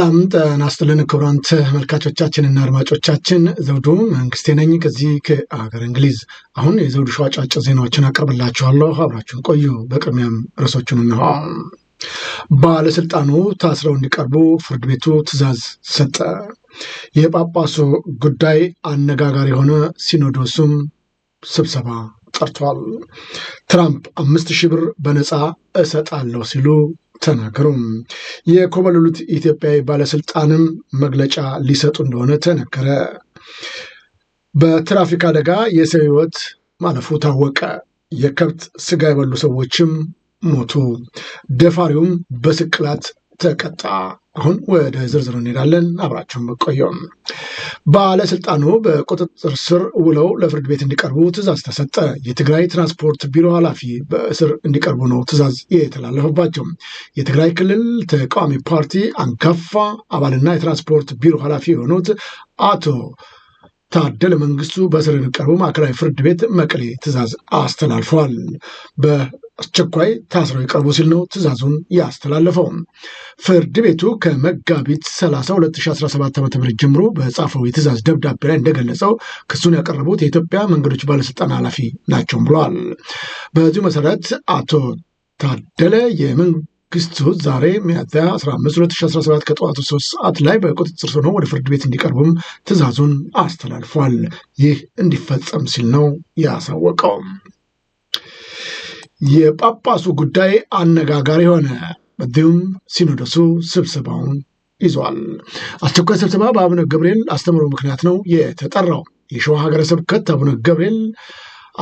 ሰላም ጤና ይስጥልን ክቡራን ተመልካቾቻችንና አድማጮቻችን ዘውዱ መንግስቴ ነኝ ከዚህ ከአገር እንግሊዝ። አሁን የዘውዱ ሾው አጫጭር ዜናዎችን አቀርብላችኋለሁ፣ አብራችሁን ቆዩ። በቅድሚያም ርዕሶቹን እንሆ። ባለስልጣኑ ታስረው እንዲቀርቡ ፍርድ ቤቱ ትዕዛዝ ሰጠ። የጳጳሱ ጉዳይ አነጋጋሪ የሆነ ሲኖዶሱም ስብሰባ ጠርቷል። ትራምፕ አምስት ሺህ ብር በነፃ እሰጣለሁ ሲሉ ተናገሩ። የኮበለሉት ኢትዮጵያዊ ባለስልጣንም መግለጫ ሊሰጡ እንደሆነ ተነገረ። በትራፊክ አደጋ የሰው ህይወት ማለፉ ታወቀ። የከብት ስጋ የበሉ ሰዎችም ሞቱ። ደፋሪውም በስቅላት ተቀጣ። አሁን ወደ ዝርዝሩ እንሄዳለን። አብራችሁን መቆየም ባለስልጣኑ በቁጥጥር ስር ውለው ለፍርድ ቤት እንዲቀርቡ ትእዛዝ ተሰጠ። የትግራይ ትራንስፖርት ቢሮ ኃላፊ በእስር እንዲቀርቡ ነው ትእዛዝ የተላለፈባቸው። የትግራይ ክልል ተቃዋሚ ፓርቲ አንጋፋ አባልና የትራንስፖርት ቢሮ ኃላፊ የሆኑት አቶ ታደለ መንግስቱ በእስር እንዲቀርቡ ማዕከላዊ ፍርድ ቤት መቀሌ ትእዛዝ አስተላልፏል። አስቸኳይ ታስረው ይቀርቡ ሲል ነው ትዕዛዙን ያስተላለፈው። ፍርድ ቤቱ ከመጋቢት 30 2017 ዓ ም ጀምሮ በጻፈው የትዕዛዝ ደብዳቤ ላይ እንደገለጸው ክሱን ያቀረቡት የኢትዮጵያ መንገዶች ባለስልጣን ኃላፊ ናቸውም ብለዋል። በዚሁ መሰረት አቶ ታደለ የመንግስቱ ዛሬ ሚያዝያ 15 2017 ከጠዋቱ 3 ሰዓት ላይ በቁጥጥር ስር ሆነው ወደ ፍርድ ቤት እንዲቀርቡም ትዕዛዙን አስተላልፏል። ይህ እንዲፈጸም ሲል ነው ያሳወቀው። የጳጳሱ ጉዳይ አነጋጋሪ ሆነ። በዚሁም ሲኖዶሱ ስብሰባውን ይዟል። አስቸኳይ ስብሰባ በአቡነ ገብርኤል አስተምሮ ምክንያት ነው የተጠራው። የሸዋ ሀገረ ስብከት አቡነ ገብርኤል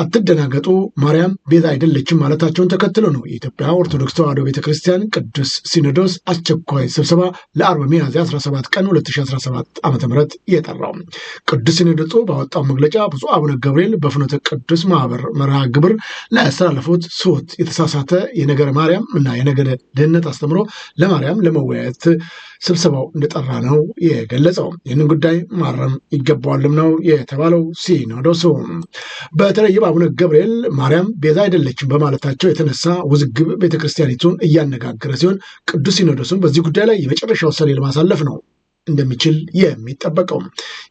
አትደናገጡ ማርያም ቤዛ አይደለችም ማለታቸውን ተከትሎ ነው የኢትዮጵያ ኦርቶዶክስ ተዋሕዶ ቤተ ክርስቲያን ቅዱስ ሲኖዶስ አስቸኳይ ስብሰባ ለአርብ ሚያዝያ 17 ቀን 2017 ዓ ም የጠራው። ቅዱስ ሲኖዶሱ ባወጣው መግለጫ ብፁዕ አቡነ ገብርኤል በፍኖተ ቅዱስ ማህበር መርሃ ግብር ላያስተላለፉት ስት የተሳሳተ የነገረ ማርያም እና የነገረ ድህነት አስተምሮ ለማርያም ለመወያየት ስብሰባው እንደጠራ ነው የገለጸው። ይህንን ጉዳይ ማረም ይገባዋልም ነው የተባለው ሲኖዶሱ በተለይ ጠቢብ አቡነ ገብርኤል ማርያም ቤዛ አይደለችም በማለታቸው የተነሳ ውዝግብ ቤተክርስቲያኒቱን እያነጋገረ ሲሆን ቅዱስ ሲኖዶሱም በዚህ ጉዳይ ላይ የመጨረሻ ውሳኔ ለማሳለፍ ነው እንደሚችል የሚጠበቀው።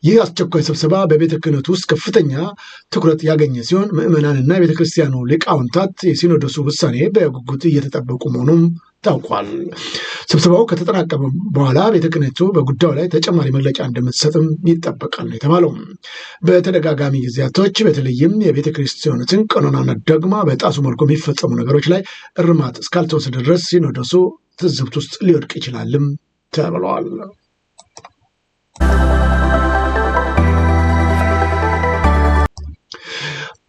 ይህ አስቸኳይ ስብሰባ በቤተ ክህነት ውስጥ ከፍተኛ ትኩረት ያገኘ ሲሆን ምዕመናንና የቤተ ክርስቲያኑ ሊቃውንታት የሲኖዶሱ ውሳኔ በጉጉት እየተጠበቁ መሆኑም ታውቋል። ስብሰባው ከተጠናቀመ በኋላ ቤተ ክህነቱ በጉዳዩ ላይ ተጨማሪ መግለጫ እንደምትሰጥም ይጠበቃል ነው የተባለው። በተደጋጋሚ ጊዜያቶች በተለይም የቤተ ክርስቲያኖትን ቀኖናና ደግማ በጣሱ መልኩ የሚፈጸሙ ነገሮች ላይ እርማት እስካልተወሰደ ድረስ ሲኖዶሱ ትዝብት ውስጥ ሊወድቅ ይችላልም ተብለዋል።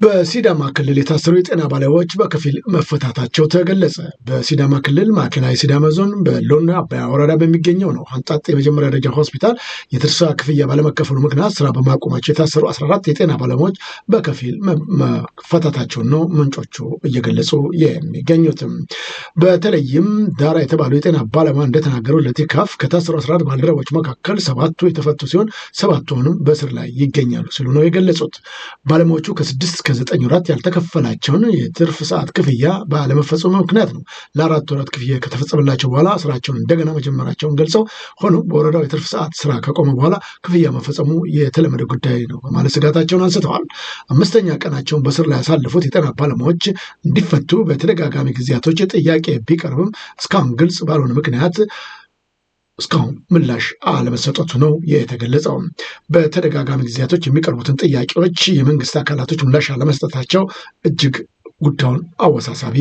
በሲዳማ ክልል የታሰሩ የጤና ባለሙያዎች በከፊል መፈታታቸው ተገለጸ። በሲዳማ ክልል ማዕከላዊ ሲዳማ ዞን በሎና አባያ ወረዳ በሚገኘው ነው አንጣጥ የመጀመሪያ ደረጃ ሆስፒታል የትርሳ ክፍያ ባለመከፈሉ ምክንያት ስራ በማቆማቸው የታሰሩ 14 የጤና ባለሙያዎች በከፊል መፈታታቸውን ነው ምንጮቹ እየገለጹ የሚገኙትም። በተለይም ዳራ የተባሉ የጤና ባለሙያ እንደተናገረው ለቲካፍ ከታሰሩ 14 ባልደረቦች መካከል ሰባቱ የተፈቱ ሲሆን ሰባቱንም በእስር ላይ ይገኛሉ ሲሉ ነው የገለጹት። ባለሙያዎቹ ከስድስት እስከ ዘጠኝ ወራት ያልተከፈላቸውን የትርፍ ሰዓት ክፍያ ባለመፈጸሙ ምክንያት ነው ለአራት ወራት ክፍያ ከተፈጸመላቸው በኋላ ስራቸውን እንደገና መጀመራቸውን ገልጸው ሆኖም በወረዳው የትርፍ ሰዓት ስራ ከቆመ በኋላ ክፍያ መፈጸሙ የተለመደ ጉዳይ ነው በማለት ስጋታቸውን አንስተዋል። አምስተኛ ቀናቸውን በእስር ላይ ያሳለፉት የጤና ባለሙያዎች እንዲፈቱ በተደጋጋሚ ጊዜያቶች ጥያቄ ጥያቄ ቢቀርብም እስካሁን ግልጽ ባልሆነ ምክንያት እስካሁን ምላሽ አለመሰጠቱ ነው የተገለጸው። በተደጋጋሚ ጊዜያቶች የሚቀርቡትን ጥያቄዎች የመንግስት አካላቶች ምላሽ አለመስጠታቸው እጅግ ጉዳዩን አወሳሳቢ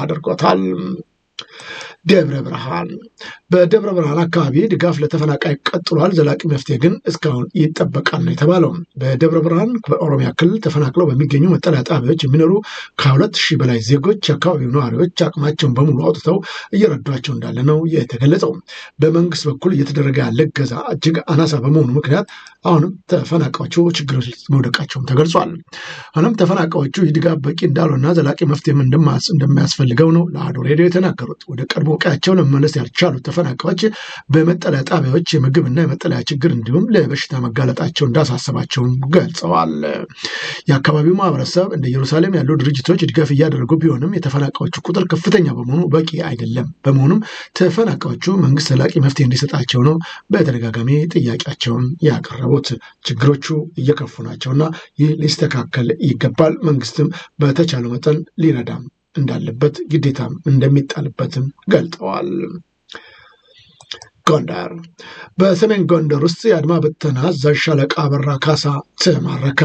አድርጎታል። ደብረ ብርሃን በደብረ ብርሃን አካባቢ ድጋፍ ለተፈናቃይ ቀጥሏል። ዘላቂ መፍትሄ ግን እስካሁን ይጠበቃል ነው የተባለው። በደብረ ብርሃን በኦሮሚያ ክልል ተፈናቅለው በሚገኙ መጠለያ ጣቢያዎች የሚኖሩ ከሁለት ሺህ በላይ ዜጎች የአካባቢው ነዋሪዎች አቅማቸውን በሙሉ አውጥተው እየረዷቸው እንዳለ ነው የተገለጸው። በመንግስት በኩል እየተደረገ ያለ እገዛ እጅግ አናሳ በመሆኑ ምክንያት አሁንም ተፈናቃዮቹ ችግር መውደቃቸውም ተገልጿል። አሁንም ተፈናቃዮቹ ድጋፍ በቂ እንዳልሆነና ዘላቂ መፍትሄም እንደማያስፈልገው ነው ለአዶ ሬዲዮ የተናገሩት። ወደ ቀድሞ ቀያቸው ለመመለስ ያልቻሉት ተፈናቃዮች በመጠለያ ጣቢያዎች የምግብና የመጠለያ ችግር እንዲሁም ለበሽታ መጋለጣቸው እንዳሳሰባቸውም ገልጸዋል። የአካባቢው ማህበረሰብ እንደ ኢየሩሳሌም ያሉ ድርጅቶች ድጋፍ እያደረጉ ቢሆንም የተፈናቃዮቹ ቁጥር ከፍተኛ በመሆኑ በቂ አይደለም። በመሆኑም ተፈናቃዮቹ መንግስት ዘላቂ መፍትሄ እንዲሰጣቸው ነው በተደጋጋሚ ጥያቄያቸውን ያቀረቡት። ችግሮቹ እየከፉ ናቸውና ይህ ሊስተካከል ይገባል። መንግስትም በተቻለ መጠን ሊረዳም እንዳለበት ግዴታም እንደሚጣልበትም ገልጠዋል። ጎንደር በሰሜን ጎንደር ውስጥ የአድማ ብተና አዛዥ ሻለቃ አበራ ካሳ ተማረከ።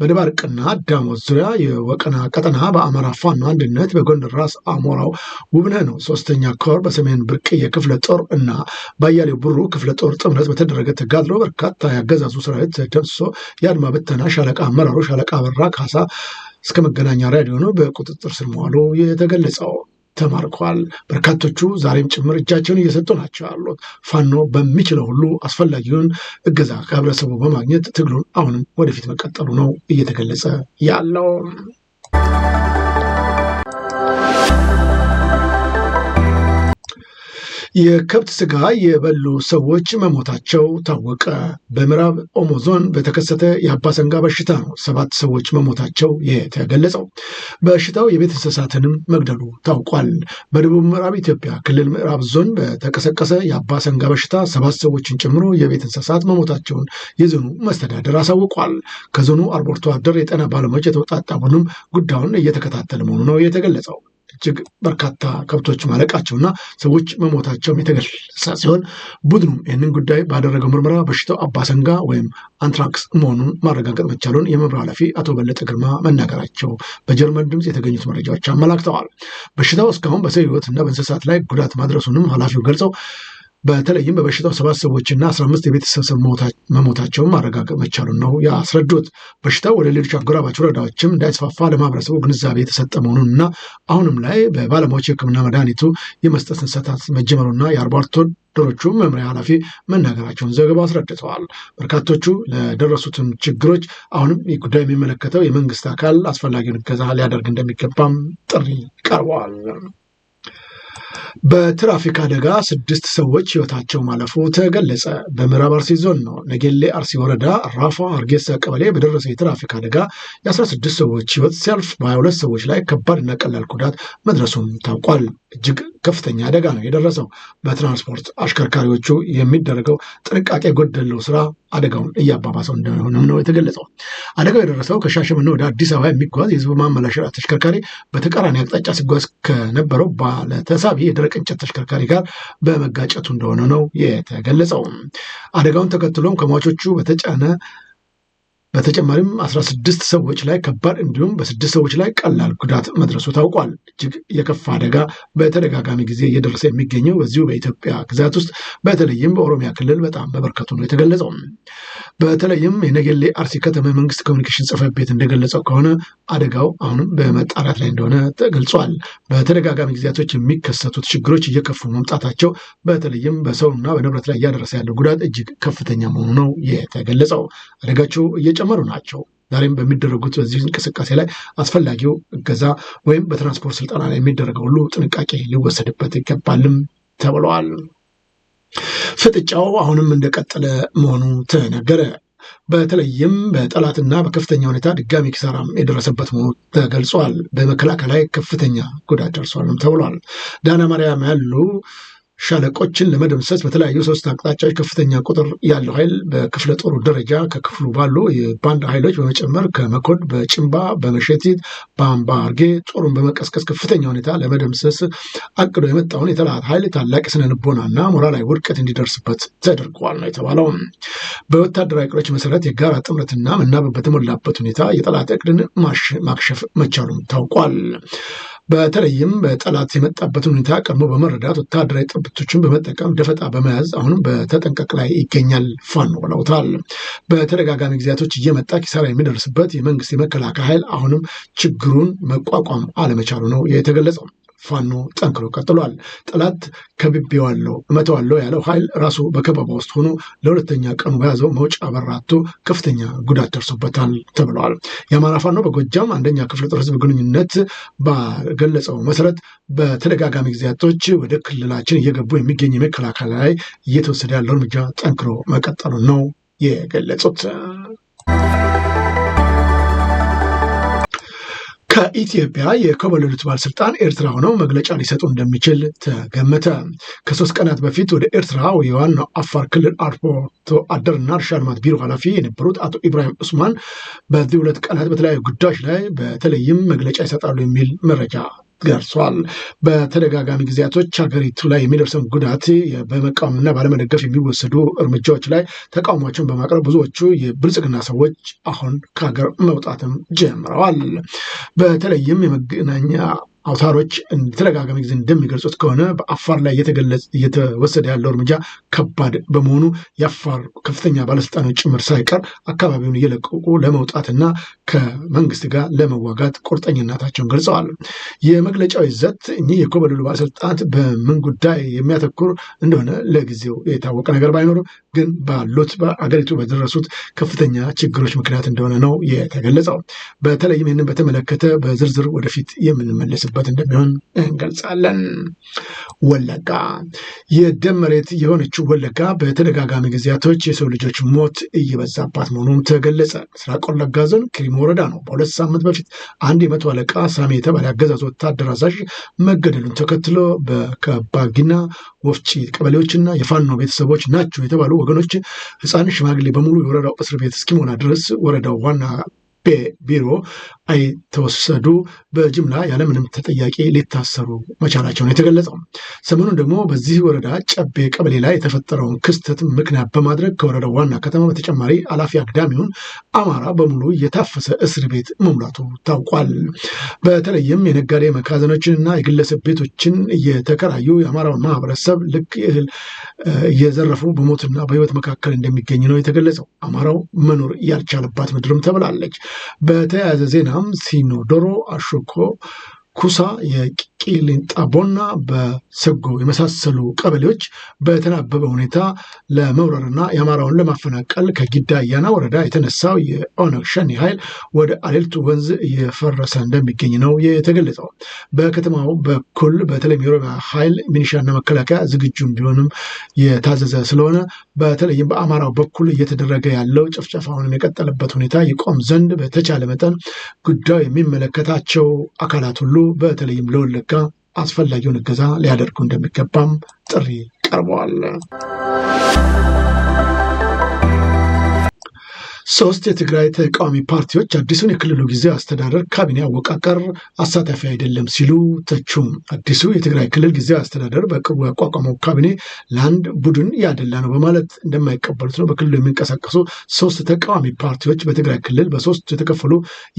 በደባርቅና ዳሞት ዙሪያ የወቀና ቀጠና በአማራ ፋኖ አንድነት በጎንደር ራስ አሞራው ውብነህ ነው ሶስተኛ ኮር በሰሜን ብርቅ የክፍለ ጦር እና በአያሌው ብሩ ክፍለ ጦር ጥምረት በተደረገ ተጋድሎ በርካታ ያገዛዙ ሰራዊት ደምስሶ የአድማ ብተና ሻለቃ አመራሩ ሻለቃ አበራ ካሳ እስከ መገናኛ ሬዲዮ ነው በቁጥጥር ስር መዋሉ የተገለጸው። ተማርከዋል። በርካቶቹ ዛሬም ጭምር እጃቸውን እየሰጡ ናቸው ያሉት ፋኖ በሚችለው ሁሉ አስፈላጊውን እገዛ ከህብረተሰቡ በማግኘት ትግሉን አሁንም ወደፊት መቀጠሉ ነው እየተገለጸ ያለው። የከብት ስጋ የበሉ ሰዎች መሞታቸው ታወቀ። በምዕራብ ኦሞ ዞን በተከሰተ የአባሰንጋ በሽታ ነው ሰባት ሰዎች መሞታቸው የተገለጸው። በሽታው የቤት እንስሳትንም መግደሉ ታውቋል። በደቡብ ምዕራብ ኢትዮጵያ ክልል ምዕራብ ዞን በተቀሰቀሰ የአባሰንጋ በሽታ ሰባት ሰዎችን ጨምሮ የቤት እንስሳት መሞታቸውን የዞኑ መስተዳደር አሳውቋል። ከዞኑ አርብቶ አደር የጤና ባለሙያዎች የተወጣጣ ቡድንም ጉዳዩን እየተከታተለ መሆኑ ነው የተገለጸው። እጅግ በርካታ ከብቶች ማለቃቸውና ሰዎች መሞታቸውም የተገለጸ ሲሆን ቡድኑም ይህንን ጉዳይ ባደረገው ምርመራ በሽታው አባሰንጋ ወይም አንትራክስ መሆኑን ማረጋገጥ መቻሉን የመምሪያ ኃላፊ አቶ በለጠ ግርማ መናገራቸው በጀርመን ድምፅ የተገኙት መረጃዎች አመላክተዋል። በሽታው እስካሁን በሰው ህይወት እና በእንስሳት ላይ ጉዳት ማድረሱንም ኃላፊው ገልጸው በተለይም በበሽታው ሰባት ሰዎችና አስራ አምስት የቤተሰብ መሞታቸውን ማረጋገጥ መቻሉን ነው ያስረዱት። በሽታው ወደ ሌሎች አጎራባች ወረዳዎችም እንዳይስፋፋ ለማህበረሰቡ ግንዛቤ የተሰጠ መሆኑን እና አሁንም ላይ በባለሙያዎች የሕክምና መድኃኒቱ የመስጠት እንሰታት መጀመሩና የአርባርቶ ዶሮቹ መምሪያ ኃላፊ መናገራቸውን ዘግባ አስረድተዋል። በርካቶቹ ለደረሱትም ችግሮች አሁንም ጉዳይ የሚመለከተው የመንግስት አካል አስፈላጊውን እገዛ ሊያደርግ እንደሚገባም ጥሪ ቀርበዋል። በትራፊክ አደጋ ስድስት ሰዎች ህይወታቸው ማለፉ ተገለጸ። በምዕራብ አርሲ ዞን ነው ነጌሌ አርሲ ወረዳ ራፋ አርጌሳ ቀበሌ በደረሰ የትራፊክ አደጋ የ16 ሰዎች ህይወት ሲያልፍ በ22 ሰዎች ላይ ከባድና ቀላል ጉዳት መድረሱም ታውቋል። እጅግ ከፍተኛ አደጋ ነው የደረሰው። በትራንስፖርት አሽከርካሪዎቹ የሚደረገው ጥንቃቄ ጎደለው ስራ አደጋውን እያባባሰው እንደሆነም ነው የተገለጸው። አደጋው የደረሰው ከሻሸመኔ ወደ አዲስ አበባ የሚጓዝ የህዝብ ማመላለሻ ተሽከርካሪ በተቃራኒ አቅጣጫ ሲጓዝ ከነበረው ባለተሳቢ የደረቅ እንጨት ተሽከርካሪ ጋር በመጋጨቱ እንደሆነ ነው የተገለጸው። አደጋውን ተከትሎም ከሟቾቹ በተጫነ በተጨማሪም 16 ሰዎች ላይ ከባድ እንዲሁም በስድስት ሰዎች ላይ ቀላል ጉዳት መድረሱ ታውቋል። እጅግ የከፋ አደጋ በተደጋጋሚ ጊዜ እየደረሰ የሚገኘው በዚሁ በኢትዮጵያ ግዛት ውስጥ በተለይም በኦሮሚያ ክልል በጣም በበርከቱ ነው የተገለጸው። በተለይም የነገሌ አርሲ ከተማ መንግስት ኮሚኒኬሽን ጽህፈት ቤት እንደገለጸው ከሆነ አደጋው አሁንም በመጣራት ላይ እንደሆነ ተገልጿል። በተደጋጋሚ ጊዜያቶች የሚከሰቱት ችግሮች እየከፉ መምጣታቸው በተለይም በሰውና በንብረት ላይ እያደረሰ ያለው ጉዳት እጅግ ከፍተኛ መሆኑ ነው የተገለጸው። አደጋቸው እየጨመሩ ናቸው። ዛሬም በሚደረጉት በዚህ እንቅስቃሴ ላይ አስፈላጊው እገዛ ወይም በትራንስፖርት ስልጠና ላይ የሚደረገው ሁሉ ጥንቃቄ ሊወሰድበት ይገባልም ተብለዋል። ፍጥጫው አሁንም እንደቀጠለ መሆኑ ተነገረ። በተለይም በጠላትና በከፍተኛ ሁኔታ ድጋሚ ኪሳራም የደረሰበት መሆኑ ተገልጿል። በመከላከል ላይ ከፍተኛ ጉዳት ደርሷልም ተብሏል። ዳና ማርያም ያሉ ሻለቆችን ለመደምሰስ በተለያዩ ሶስት አቅጣጫዎች ከፍተኛ ቁጥር ያለው ኃይል በክፍለ ጦሩ ደረጃ ከክፍሉ ባሉ የባንድ ኃይሎች በመጨመር ከመኮድ በጭንባ በመሸቲት በአምባ አርጌ ጦሩን በመቀስቀስ ከፍተኛ ሁኔታ ለመደምሰስ አቅዶ የመጣውን የተላት ኃይል ታላቅ የስነ ልቦናና ሞራላዊ ውድቀት እንዲደርስበት ተደርገዋል ነው የተባለው። በወታደራዊ እቅዶች መሰረት የጋራ ጥምረትና መናበብ በተሞላበት ሁኔታ የጠላት እቅድን ማክሸፍ መቻሉም ታውቋል። በተለይም በጠላት የመጣበትን ሁኔታ ቀድሞ በመረዳት ወታደራዊ ጥብቶችን በመጠቀም ደፈጣ በመያዝ አሁንም በተጠንቀቅ ላይ ይገኛል ፋኖ ብለውታል። በተደጋጋሚ ጊዜያቶች እየመጣ ኪሳራ የሚደርስበት የመንግስት የመከላከያ ኃይል አሁንም ችግሩን መቋቋም አለመቻሉ ነው የተገለጸው። ፋኖ ጠንክሮ ቀጥሏል። ጠላት ከብቤዋለሁ እመተዋለሁ ያለው ኃይል ራሱ በከበባ ውስጥ ሆኖ ለሁለተኛ ቀኑ በያዘው መውጫ በራቶ ከፍተኛ ጉዳት ደርሶበታል ተብለዋል። የአማራ ፋኖ በጎጃም አንደኛ ክፍለ ጦር ህዝብ ግንኙነት ባገለጸው መሰረት በተደጋጋሚ ጊዜያቶች ወደ ክልላችን እየገቡ የሚገኝ የመከላከል ላይ እየተወሰደ ያለው እርምጃ ጠንክሮ መቀጠሉ ነው የገለጹት። ከኢትዮጵያ የኮበለሉት ባለስልጣን ኤርትራ ሆነው መግለጫ ሊሰጡ እንደሚችል ተገመተ። ከሶስት ቀናት በፊት ወደ ኤርትራ የዋናው አፋር ክልል አርብቶ አደርና እርሻ ልማት ቢሮ ኃላፊ የነበሩት አቶ ኢብራሂም ዑስማን በዚህ ሁለት ቀናት በተለያዩ ጉዳዮች ላይ በተለይም መግለጫ ይሰጣሉ የሚል መረጃ ደርሷል። በተደጋጋሚ ጊዜያቶች ሀገሪቱ ላይ የሚደርሰን ጉዳት በመቃወምና ባለመደገፍ የሚወሰዱ እርምጃዎች ላይ ተቃውሟቸውን በማቅረብ ብዙዎቹ የብልጽግና ሰዎች አሁን ከሀገር መውጣትም ጀምረዋል። በተለይም የመገናኛ አውታሮች ተደጋጋሚ ጊዜ እንደሚገልጹት ከሆነ በአፋር ላይ እየተወሰደ ያለው እርምጃ ከባድ በመሆኑ የአፋር ከፍተኛ ባለስልጣኖች ጭምር ሳይቀር አካባቢውን እየለቀቁ ለመውጣትና ከመንግስት ጋር ለመዋጋት ቁርጠኝነታቸውን ገልጸዋል። የመግለጫው ይዘት እኚህ የኮበለሉ ባለስልጣናት በምን ጉዳይ የሚያተኩር እንደሆነ ለጊዜው የታወቀ ነገር ባይኖርም ግን ባሉት በአገሪቱ በደረሱት ከፍተኛ ችግሮች ምክንያት እንደሆነ ነው የተገለጸው። በተለይም ይህንን በተመለከተ በዝርዝር ወደፊት የምንመለስበት የሚያደርጉበት እንደሚሆን እንገልጻለን። ወለጋ የደም መሬት የሆነችው ወለጋ በተደጋጋሚ ጊዜያቶች የሰው ልጆች ሞት እየበዛባት መሆኑን ተገለጸ። ምስራቅ ወለጋ ዞን ክሪም ወረዳ ነው። በሁለት ሳምንት በፊት አንድ የመቶ አለቃ ሳሚ የተባለ አገዛዝ ወታደር አዛዥ መገደሉን ተከትሎ በከባጊና ወፍጪ ቀበሌዎችና የፋኖ ቤተሰቦች ናቸው የተባሉ ወገኖች ህፃን ሽማግሌ በሙሉ የወረዳው እስር ቤት እስኪሞላ ድረስ ወረዳው ዋና ቢሮ አይተወሰዱ በጅምላ ያለምንም ተጠያቂ ሊታሰሩ መቻላቸውን የተገለጸው። ሰሞኑን ደግሞ በዚህ ወረዳ ጨቤ ቀበሌ ላይ የተፈጠረውን ክስተት ምክንያት በማድረግ ከወረዳው ዋና ከተማ በተጨማሪ አላፊ አግዳሚውን አማራ በሙሉ የታፈሰ እስር ቤት መሙላቱ ታውቋል። በተለይም የነጋዴ መጋዘኖችንና የግለሰብ ቤቶችን እየተከራዩ የአማራውን ማህበረሰብ ልክ እህል እየዘረፉ በሞትና በህይወት መካከል እንደሚገኝ ነው የተገለጸው። አማራው መኖር ያልቻለባት ምድርም ተብላለች። በተያያዘ ዜናም ሲኖዶሮ አሾኮ ኩሳ ቂሊንጣ በሰጎ የመሳሰሉ ቀበሌዎች በተናበበ ሁኔታ ለመውረርና የአማራውን ለማፈናቀል ከጊዳ ያና ወረዳ የተነሳው የኦነግ ሸኒ ኃይል ወደ አሌልቱ ወንዝ እየፈረሰ እንደሚገኝ ነው የተገለጸው። በከተማው በኩል በተለይም የኦሮሚያ ኃይል ሚኒሻና መከላከያ ዝግጁ ቢሆንም የታዘዘ ስለሆነ በተለይም በአማራው በኩል እየተደረገ ያለው ጭፍጨፋውን የቀጠለበት ሁኔታ ይቆም ዘንድ በተቻለ መጠን ጉዳዩ የሚመለከታቸው አካላት ሁሉ በተለይም ለወለ እንዲዘጋ አስፈላጊውን እገዛ ሊያደርጉ እንደሚገባም ጥሪ ቀርበዋል። ሶስት የትግራይ ተቃዋሚ ፓርቲዎች አዲሱን የክልሉ ጊዜ አስተዳደር ካቢኔ አወቃቀር አሳታፊ አይደለም ሲሉ ተቹም። አዲሱ የትግራይ ክልል ጊዜ አስተዳደር በቅርቡ ያቋቋመው ካቢኔ ለአንድ ቡድን ያደላ ነው በማለት እንደማይቀበሉት ነው በክልሉ የሚንቀሳቀሱ ሶስት ተቃዋሚ ፓርቲዎች በትግራይ ክልል በሶስት የተከፈሉ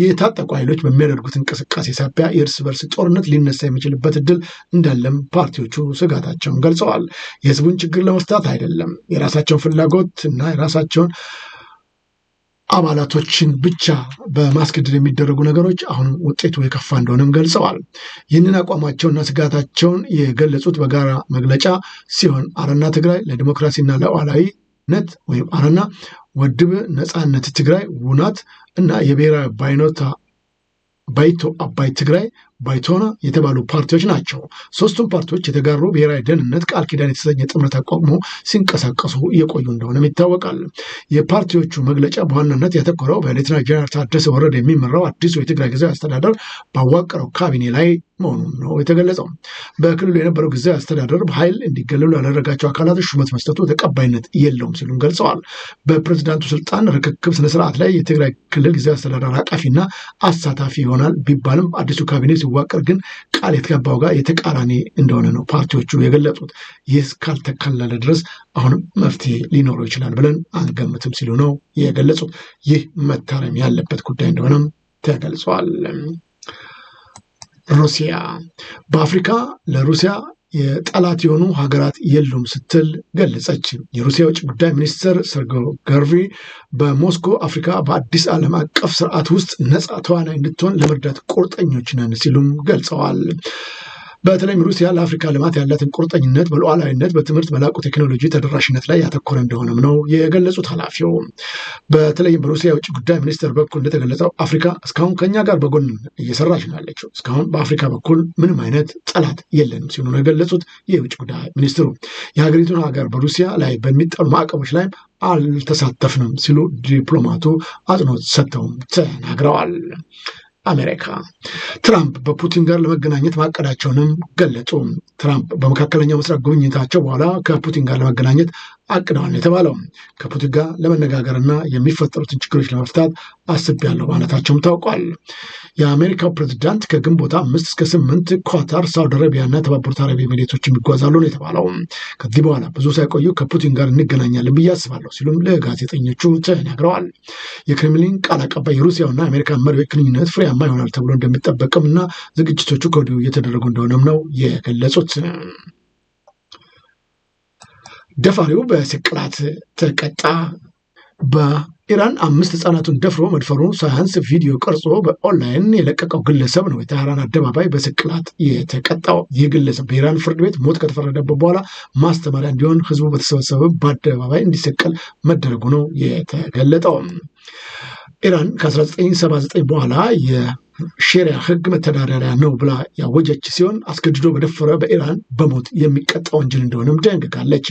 የታጠቁ ኃይሎች በሚያደርጉት እንቅስቃሴ ሳቢያ የእርስ በርስ ጦርነት ሊነሳ የሚችልበት እድል እንዳለም ፓርቲዎቹ ስጋታቸውን ገልጸዋል። የህዝቡን ችግር ለመፍታት አይደለም የራሳቸውን ፍላጎት እና የራሳቸውን አባላቶችን ብቻ በማስገደድ የሚደረጉ ነገሮች አሁን ውጤቱ የከፋ እንደሆነም ገልጸዋል። ይህንን አቋማቸውና ስጋታቸውን የገለጹት በጋራ መግለጫ ሲሆን አረና ትግራይ ለዲሞክራሲና ለሉዓላዊነት ወይም አረና፣ ወድብ ነፃነት ትግራይ፣ ውናት እና የብሔራዊ ባይኖታ ባይቶ አባይ ትግራይ ባይቶና የተባሉ ፓርቲዎች ናቸው። ሶስቱም ፓርቲዎች የተጋሩ ብሔራዊ ደህንነት ቃል ኪዳን የተሰኘ ጥምረት አቋቁሞ ሲንቀሳቀሱ እየቆዩ እንደሆነም ይታወቃል። የፓርቲዎቹ መግለጫ በዋናነት ያተኮረው በሌተና ጀነራል ታደሰ ወረደ የሚመራው አዲሱ የትግራይ ጊዜያዊ አስተዳደር ባዋቀረው ካቢኔ ላይ መሆኑን ነው የተገለጸው። በክልሉ የነበረው ጊዜያዊ አስተዳደር በኃይል እንዲገለሉ ያደረጋቸው አካላት ሹመት መስጠቱ ተቀባይነት የለውም ሲሉም ገልጸዋል። በፕሬዝዳንቱ ስልጣን ርክክብ ስነስርዓት ላይ የትግራይ ክልል ጊዜያዊ አስተዳደር አቃፊና አሳታፊ ይሆናል ቢባልም አዲሱ ካቢኔ ሲዋቀር ግን ቃል የተገባው ጋር የተቃራኒ እንደሆነ ነው ፓርቲዎቹ የገለጹት። ይህ ካልተከለለ ድረስ አሁንም መፍትሄ ሊኖረው ይችላል ብለን አንገምትም ሲሉ ነው የገለጹት። ይህ መታረም ያለበት ጉዳይ እንደሆነም ተገልጿል። ሩሲያ በአፍሪካ ለሩሲያ የጠላት የሆኑ ሀገራት የሉም ስትል ገለጸች። የሩሲያ የውጭ ጉዳይ ሚኒስትር ሰርጎ ገርቪ በሞስኮ አፍሪካ በአዲስ ዓለም አቀፍ ስርዓት ውስጥ ነፃ ተዋናይ እንድትሆን ለመርዳት ቁርጠኞች ነን ሲሉም ገልጸዋል። በተለይም ሩሲያ ለአፍሪካ ልማት ያላትን ቁርጠኝነት በሉዓላዊነት፣ በትምህርት፣ በላቁ ቴክኖሎጂ ተደራሽነት ላይ ያተኮረ እንደሆነም ነው የገለጹት ኃላፊው። በተለይም በሩሲያ የውጭ ጉዳይ ሚኒስትር በኩል እንደተገለጸው አፍሪካ እስካሁን ከኛ ጋር በጎን እየሰራች ነው ያለችው፣ እስካሁን በአፍሪካ በኩል ምንም አይነት ጠላት የለንም ሲሉ ነው የገለጹት የውጭ ጉዳይ ሚኒስትሩ። የሀገሪቱን ሀገር በሩሲያ ላይ በሚጣሉ ማዕቀቦች ላይም አልተሳተፍንም ሲሉ ዲፕሎማቱ አጽንኦት ሰጥተውም ተናግረዋል። አሜሪካ። ትራምፕ በፑቲን ጋር ለመገናኘት ማቀዳቸውንም ገለጹ። ትራምፕ በመካከለኛው ምስራቅ ጉብኝታቸው በኋላ ከፑቲን ጋር ለመገናኘት አቅደዋል የተባለው ከፑቲን ጋር ለመነጋገርና የሚፈጠሩትን ችግሮች ለመፍታት አስቤያለሁ ማለታቸውም ታውቋል። የአሜሪካው ፕሬዚዳንት ከግንቦት አምስት እስከ ስምንት ኳታር፣ ሳውዲ አረቢያና የተባበሩት አረብ ኤሚሬቶች የሚጓዛሉ ነው የተባለው። ከዚህ በኋላ ብዙ ሳይቆዩ ከፑቲን ጋር እንገናኛለን ብዬ አስባለሁ ሲሉም ለጋዜጠኞቹ ተናግረዋል። የክሬምሊን ቃል አቀባይ የሩሲያውና የአሜሪካ መሪዎች ግንኙነት ፍሬያማ ይሆናል ተብሎ እንደሚጠበቅም እና ዝግጅቶቹ ከወዲሁ እየተደረጉ እንደሆነም ነው የገለጹት። ደፋሪው በስቅላት ተቀጣ። በኢራን አምስት ህጻናቱን ደፍሮ መድፈሩ ሳያንስ ቪዲዮ ቀርጾ በኦንላይን የለቀቀው ግለሰብ ነው የቴህራን አደባባይ በስቅላት የተቀጣው። ይህ ግለሰብ በኢራን ፍርድ ቤት ሞት ከተፈረደበት በኋላ ማስተማሪያ እንዲሆን ህዝቡ በተሰበሰበ በአደባባይ እንዲሰቀል መደረጉ ነው የተገለጠው። ኢራን ከ1979 በኋላ የሼሪያ ህግ መተዳደሪያ ነው ብላ ያወጀች ሲሆን አስገድዶ በደፈረ በኢራን በሞት የሚቀጣ ወንጀል እንደሆነም ደንግጋለች።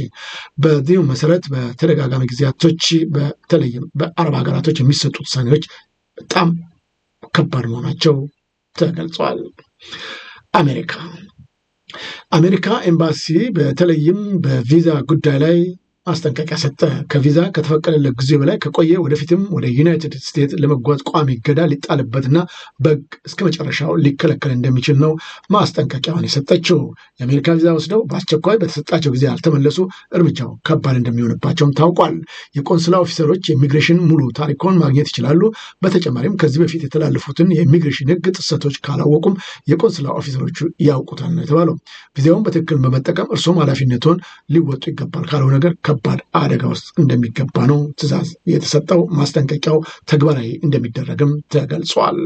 በዚሁ መሰረት በተደጋጋሚ ጊዜያቶች በተለይም በአረብ ሀገራቶች የሚሰጡ ውሳኔዎች በጣም ከባድ መሆናቸው ተገልጿል። አሜሪካ አሜሪካ ኤምባሲ በተለይም በቪዛ ጉዳይ ላይ ማስጠንቀቂያ ሰጠ። ከቪዛ ከተፈቀደለት ጊዜ በላይ ከቆየ ወደፊትም ወደ ዩናይትድ ስቴትስ ለመጓዝ ቋሚ እገዳ ሊጣልበትና በግ እስከ መጨረሻው ሊከለከል እንደሚችል ነው ማስጠንቀቂያውን የሰጠችው። የአሜሪካ ቪዛ ወስደው በአስቸኳይ በተሰጣቸው ጊዜ ያልተመለሱ እርምጃው ከባድ እንደሚሆንባቸውም ታውቋል። የቆንስላ ኦፊሰሮች የኢሚግሬሽን ሙሉ ታሪኮን ማግኘት ይችላሉ። በተጨማሪም ከዚህ በፊት የተላለፉትን የኢሚግሬሽን ህግ ጥሰቶች ካላወቁም የቆንስላ ኦፊሰሮቹ ያውቁታል ነው የተባለው። ቪዛውን በትክክል በመጠቀም እርሱም ኃላፊነቱን ሊወጡ ይገባል። ካለው ነገር ከባድ አደጋ ውስጥ እንደሚገባ ነው ትዕዛዝ የተሰጠው። ማስጠንቀቂያው ተግባራዊ እንደሚደረግም ተገልጿል።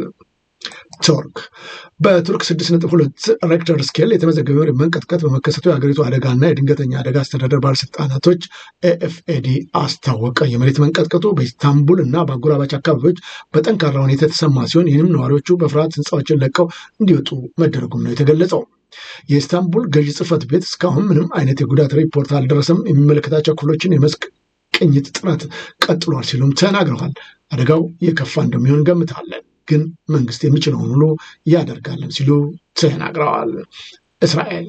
ቱርክ በቱርክ 6.2 ሬክተር ስኬል የተመዘገበ መሬት መንቀጥቀጥ በመከሰቱ የሀገሪቱ አደጋና የድንገተኛ አደጋ አስተዳደር ባለስልጣናቶች ኤኤፍኤዲ አስታወቀ። የመሬት መንቀጥቀጡ በኢስታንቡል እና በአጎራባች አካባቢዎች በጠንካራ ሁኔታ የተሰማ ሲሆን ይህንም ነዋሪዎቹ በፍርሃት ህንፃዎችን ለቀው እንዲወጡ መደረጉም ነው የተገለጸው። የኢስታንቡል ገዢ ጽህፈት ቤት እስካሁን ምንም አይነት የጉዳት ሪፖርት አልደረሰም፣ የሚመለከታቸው ክፍሎችን የመስክ ቅኝት ጥናት ቀጥሏል ሲሉም ተናግረዋል። አደጋው የከፋ እንደሚሆን ገምታለን፣ ግን መንግስት የሚችለውን ሁሉ ያደርጋለን ሲሉ ተናግረዋል። እስራኤል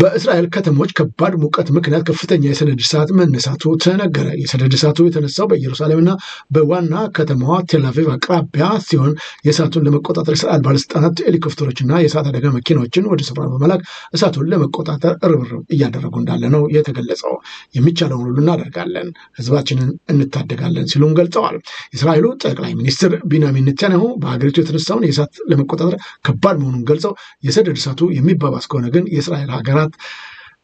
በእስራኤል ከተሞች ከባድ ሙቀት ምክንያት ከፍተኛ የሰደድ እሳት መነሳቱ ተነገረ። የሰደድ እሳቱ የተነሳው በኢየሩሳሌምና በዋና ከተማዋ ቴላቪቭ አቅራቢያ ሲሆን የእሳቱን ለመቆጣጠር እስራኤል ባለስልጣናት ሄሊኮፕተሮችና የእሳት አደጋ መኪናዎችን ወደ ስፍራ በመላክ እሳቱን ለመቆጣጠር ርብርብ እያደረጉ እንዳለ ነው የተገለጸው። የሚቻለውን ሁሉ እናደርጋለን፣ ህዝባችንን እንታደጋለን ሲሉም ገልጸዋል። የእስራኤሉ ጠቅላይ ሚኒስትር ቢንያሚን ኔታንያሁ በሀገሪቱ የተነሳውን የእሳት ለመቆጣጠር ከባድ መሆኑን ገልጸው የሰደድ እሳቱ የሚባባስ ከሆነ ግን የእስራኤል ሀገራት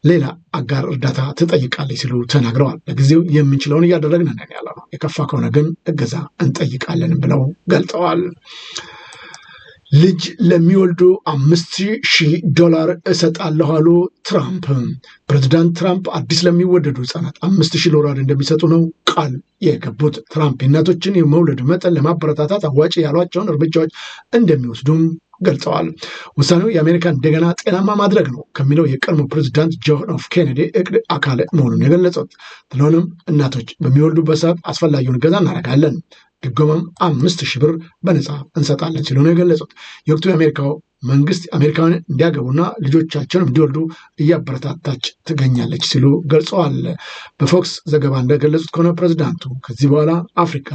ሌላ አጋር እርዳታ ትጠይቃለች ሲሉ ተናግረዋል። ለጊዜው የምንችለውን እያደረግን ነን ያለ ነው። የከፋ ከሆነ ግን እገዛ እንጠይቃለን ብለው ገልጠዋል። ልጅ ለሚወልዱ አምስት ሺህ ዶላር እሰጣለሁ አሉ ትራምፕ። ፕሬዚዳንት ትራምፕ አዲስ ለሚወደዱ ህጻናት አምስት ሺህ ዶላር እንደሚሰጡ ነው ቃል የገቡት። ትራምፕ የእናቶችን የመውለድ መጠን ለማበረታታት አዋጭ ያሏቸውን እርምጃዎች እንደሚወስዱም ገልጸዋል። ውሳኔው የአሜሪካ እንደገና ጤናማ ማድረግ ነው ከሚለው የቀድሞ ፕሬዚዳንት ጆን ኤፍ ኬኔዲ እቅድ አካል መሆኑን የገለጹት ስለሆነም እናቶች በሚወልዱበት ሰዓት አስፈላጊውን እገዛ እናደርጋለን፣ ድጎማም አምስት ሺህ ብር በነፃ እንሰጣለን ሲሉ ነው የገለጹት። የወቅቱ የአሜሪካው መንግስት አሜሪካውያን እንዲያገቡና ልጆቻቸውን እንዲወልዱ እያበረታታች ትገኛለች ሲሉ ገልጸዋል። በፎክስ ዘገባ እንደገለጹት ከሆነ ፕሬዚዳንቱ ከዚህ በኋላ አፍሪካ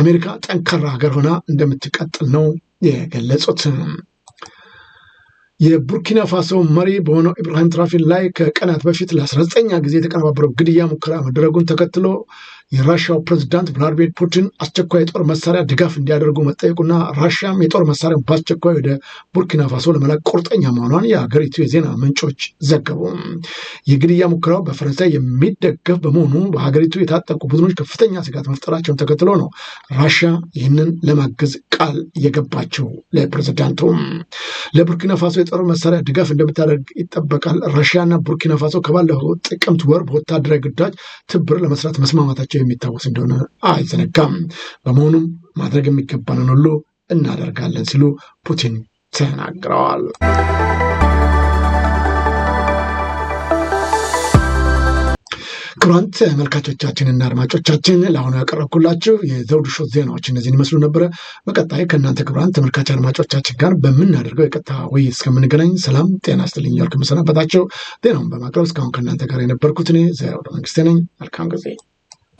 አሜሪካ ጠንካራ ሀገር ሆና እንደምትቀጥል ነው የገለጹት። የቡርኪና ፋሶ መሪ በሆነው ኢብራሂም ትራፊን ላይ ከቀናት በፊት ለ19ኛ ጊዜ የተቀነባበረው ግድያ ሙከራ መደረጉን ተከትሎ የራሽያው ፕሬዝዳንት ቭላዲሚር ፑቲን አስቸኳይ የጦር መሳሪያ ድጋፍ እንዲያደርጉ መጠየቁና ራሽያም የጦር መሳሪያ በአስቸኳይ ወደ ቡርኪና ፋሶ ለመላክ ቁርጠኛ መሆኗን የሀገሪቱ የዜና ምንጮች ዘገቡ። የግድያ ሙከራው በፈረንሳይ የሚደገፍ በመሆኑ በሀገሪቱ የታጠቁ ቡድኖች ከፍተኛ ስጋት መፍጠራቸውን ተከትሎ ነው ራሽያ ይህንን ለማገዝ ቃል የገባቸው። ለፕሬዚዳንቱ ለቡርኪና ፋሶ የጦር መሳሪያ ድጋፍ እንደምታደርግ ይጠበቃል። ራሽያና ቡርኪና ፋሶ ከባለፈው ጥቅምት ወር በወታደራዊ ግዳጅ ትብር ለመስራት መስማማታቸው መሆናቸው የሚታወስ እንደሆነ አይዘነጋም። በመሆኑም ማድረግ የሚገባንን ሁሉ እናደርጋለን ሲሉ ፑቲን ተናግረዋል። ክቡራን ተመልካቾቻችንና አድማጮቻችን ለአሁኑ ያቀረብኩላችሁ የዘውዱ ሾው ዜናዎች እነዚህን ይመስሉ ነበረ። በቀጣይ ከእናንተ ክቡራን ተመልካች አድማጮቻችን ጋር በምናደርገው የቀጥታ ውይይት እስከምንገናኝ ሰላም ጤና ስትልኝ ያልክ መሰናበታቸው ዜናውን በማቅረብ እስካሁን ከእናንተ ጋር የነበርኩት እኔ ዘውዱ መንግስቴ ነኝ። መልካም ጊዜ